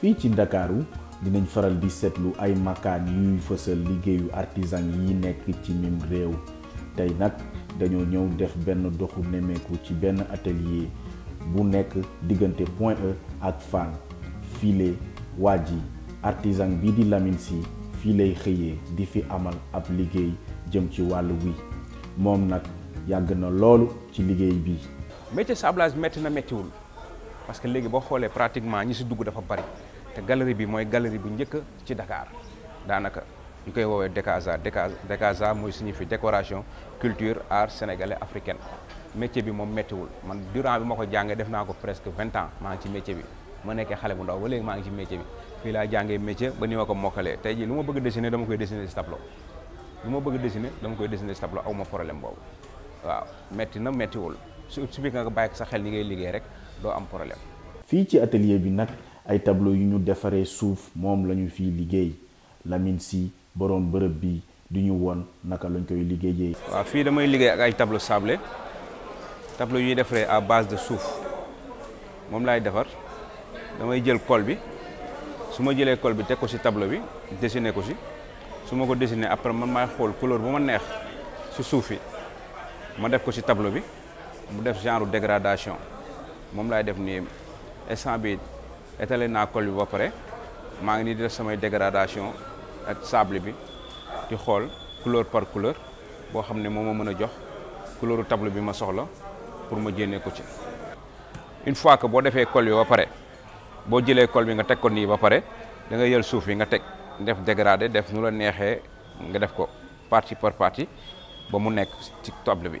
fii ci ndakaaru dinañ faral di seetlu ay makaan yuy fësal liggéeyu artisan yi nekk ci mim réew tey nag dañoo ñëw def benn doxu nemmeeku ci benn atelier bu nekk diggante Point E ak Fann file waa ji artisan bi di Lamine Sy fii lay xëyee di fi amal ab liggéey jëm ci wàll wi moom nag yàgg na loolu ci liggéey bi métti na méttiwul parce que légui bo xolé pratiquement ñi ci dugg dafa bari té galerie bi moy galerie bu ñëk ci Dakar danaka ñu koy woowee Dekaza Dekaza mooy signifie décoration culture art sénégalais africaine métier bi mom metti wul man durant bi mako jàngé jàngee def naa presque 20 ans maa ci métier bi ma nekkee xale bu ndaw ba légui ma ngi ci métier bi fi la jàngé métier ba ni ma ko mokkalee tey jii bëgg dessiner dama koy dessiner ci tableau luma bëgg dessiner dama koy dessiner ci tableau aw problème boobu waaw metti na metti wul su su nga bàyyi sa xel ni ngay liggéey rek do am problème. fi ci atelier bi nak ay tableau yu ñu defaree souf mom lañu fi fiy liggéey Lamine si borom bërëb bi du ñu woon naka lañ koy liggéeyee. wa fi damay liggéey ak ay tableau sablé tableau yu ñuy à base de souf mom lay defar damay jël col bi suma ma jëlee col bi teg ko ci tableau bi dessiné ko ci suma ko dessiné après man may xol couleur bu ma neex ci souf yi ma def ko ci tableau bi mu def genre dégradation. moom laay def nii instant bi étalé naa col bi ba pare maa ngi nii di def samay dégradation ak sable bi di xool couleur par couleur boo xam ne moom ma mën a jox couleuru table bi ma soxla pour ma génne ko ci une fois que boo defee col bi ba pare boo jëlee col bi nga teg ko nii ba pare da nga suuf bi nga teg def dégradé def nu la neexee nga def ko partie par partie ba mu nekk ci tableau bi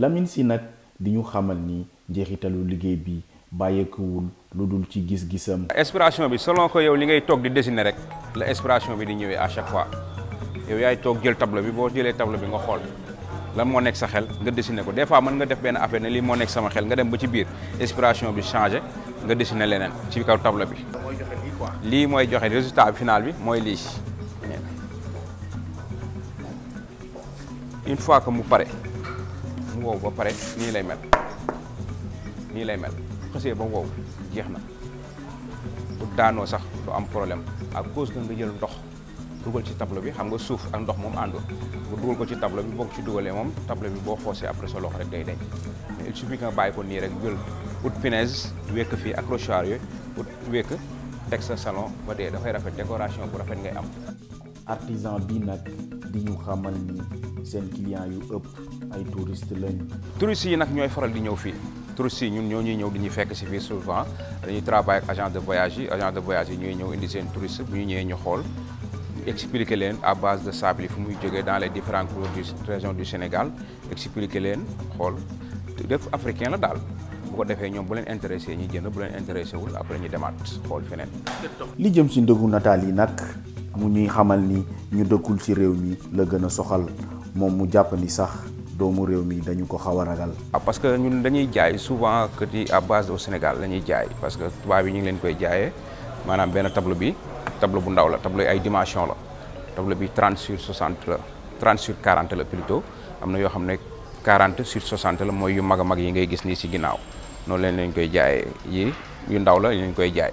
Lamine si nak di xamal ni jeexitalu liggéey bi ci gis-gisam. inspiration bi selon que yow li ngay tok di dessiner rek la inspiration bi di ñëwé à chaque fois yow yaay tok jël tableau bi bo vous tableau bi nga xol lan mo nekk sa xel nga dessiner ko des fois mën nga def ben affaire ne lii nekk sama xel nga dem ba ci biir inspiration bi changé nga dessiner leneen ci kaw tableau bi. li résultat final bi moy une fois que mu paré mu wow ba pare nii lay mel nii lay mel xësee ba wow jeex na bu daanoo sax du am problème ak cause que nga jël ndox dugal ci tableau bi xam nga suuf ak ndox moom àndul nga dugal ko ci tableau bi boo ci dugalee moom tableau bi boo xoosee après sa loxo rek day deñ mais il suffit nga bàyyi ko nii rek jël ut punaise wekk fii ak accrochoir yooyu ut wekk teg sa salon ba dee dafay rafet décoration bu rafet ngay am artisan bi nag di ñu xamal ni seen client yu ëpp ay touristes lañu. touristes yi nag ñooy faral di ñëw fii touristes yi ñu ñoo ñuy ñëw di ñu fekk si fii souvent dañuy travailler ak agent de voyage yi agent de voyage yi ñooy ñëw indi seen touriste bu ñu ñëwee ñu xool. expliquer leen à base de sable yi fu muy jógee dans les différentes couleurs du région du Sénégal expliquer leen xool def africain la daal bu ko defee ñoom bu leen intéressé ñi jënd bu leen intéressé wul après ñu demaat xool feneen. li jëm si ndëgu nataal yi nag mu ñuy xamal ni ñu dëkkul si réew mi la gën a soxal moom mu jàpp ni sax doomu réew mi dañu ko xaw a ragal. ah parce que ñun dañuy jaay souvent que di à base au Sénégal dañuy jaay parce que tubaab yi ñu ngi leen koy jaayee maanaam benn tableau bi tableau bu ndaw la tableau ay dimension la tableau bi 30 sur 60 la 30 sur 40 la plutôt am na yoo xam 40 sur 60 la mooy yu mag mag yi ngay gis nii si ginnaaw noonu leen lañ koy jaayee yi yu ndaw la ñu koy jaay.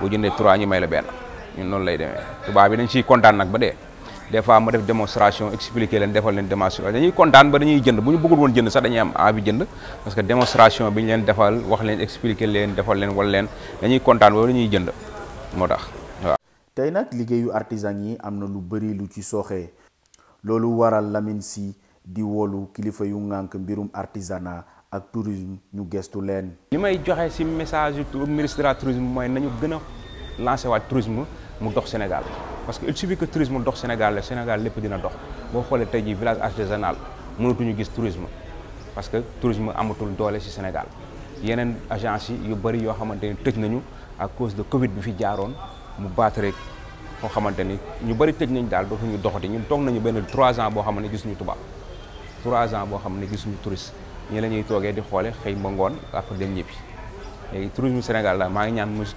boo jëndee trois ñu may la benn ñun noonu lay demee tubaab bi dañ ciy kontaan nag ba dee des fois ma def démonstration expliquer leen defal leen démonstration dañuy kontaan ba dañuy jënd bu ñu bëggul woon jënd sax am envie jënd parce que démonstration bi leen defal wax leen expliquer leen defal leen wala leen dañuy kontaan ba dañuy jënd moo tax waaw. tey nag liggéeyu artisan yi am na lu bëri lu ci sooxee loolu waral Lamine si di wolu kilifa yu ngànk mbirum artisanat ak tourisme ñu gestu leen. li may joxe ci message yu ministre de tourisme mooy nañu gën a lancé waat tourisme mu dox Sénégal parce que il suffit que dox Sénégal Sénégal lépp dina dox boo xoolee tey jii village artisanal mënatuñu gis tourisme parce que tourisme amatul doole ci Sénégal yeneen agence yi yu bëri yoo xamante ni tëj nañu à cause de Covid bi fi jaaroon mu baat rek foo xamante ni ñu bëri tëj nañ daal dootuñu doxati ñu toog nañu benn 3 ans boo xam ne gisuñu tubaab 3 ans boo xam ne gisuñu touriste. ñii la ñuy toogee di xoole xëy ba ngoon après dem ñibbi léegi tourisme Sénégal daal maa ngi ñaan mus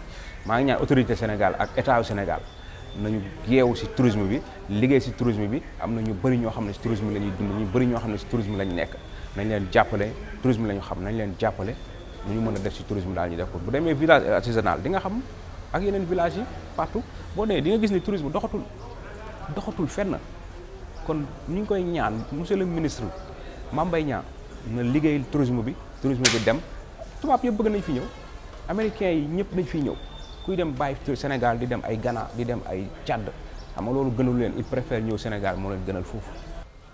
maa ngi ñaan autorité Sénégal ak état wu Sénégal nañu yeewu si tourisme bi liggéey si tourisme bi am na ñu bëri ñoo xam ne si tourisme la ñuy dund ñu bëri ñoo xam ne si tourisme lañu nekk nañ leen jàppale tourisme la ñu xam nañ leen jàppale lu ñu mën a def si tourisme daal ñu def ko bu demee village euh, artisanal di nga xam ak yeneen village yi partout boo nee di nga gis ni tourisme doxatul doxatul fenn kon ñu ngi koy ñaan monsieur le ministre Mame Mbaye na liggéey tourisme bi tourisme bi dem tubaab yëpp bëgg nañ fi ñëw américains yi ñëpp dañ fiy ñëw kuy dem bàyyi Sénégal di dem ay Ghana di dem ay Tchad xam nga loolu gënal leen il préfère ñëw Sénégal moo leen gënal foofu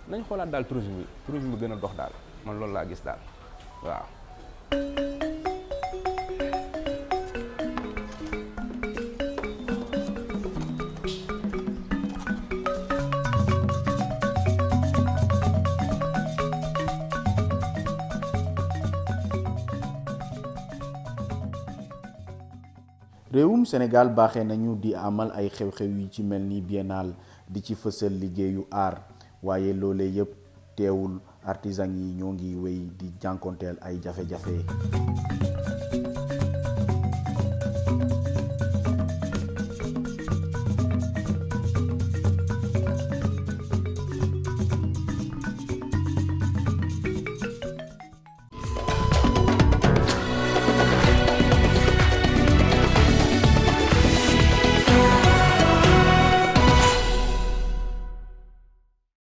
nañ xoolaat daal tourisme bi tourisme bi gën a dox daal man loolu laa gis daal waaw réewum Sénégal baaxe nañu di amal ay xew-xew yu ci mel ni biennale di ci fësal liggéeyu aar waaye loolee yépp teewul artizan yi ñoo ngi wéy di jànkonteel ay jafe-jafe.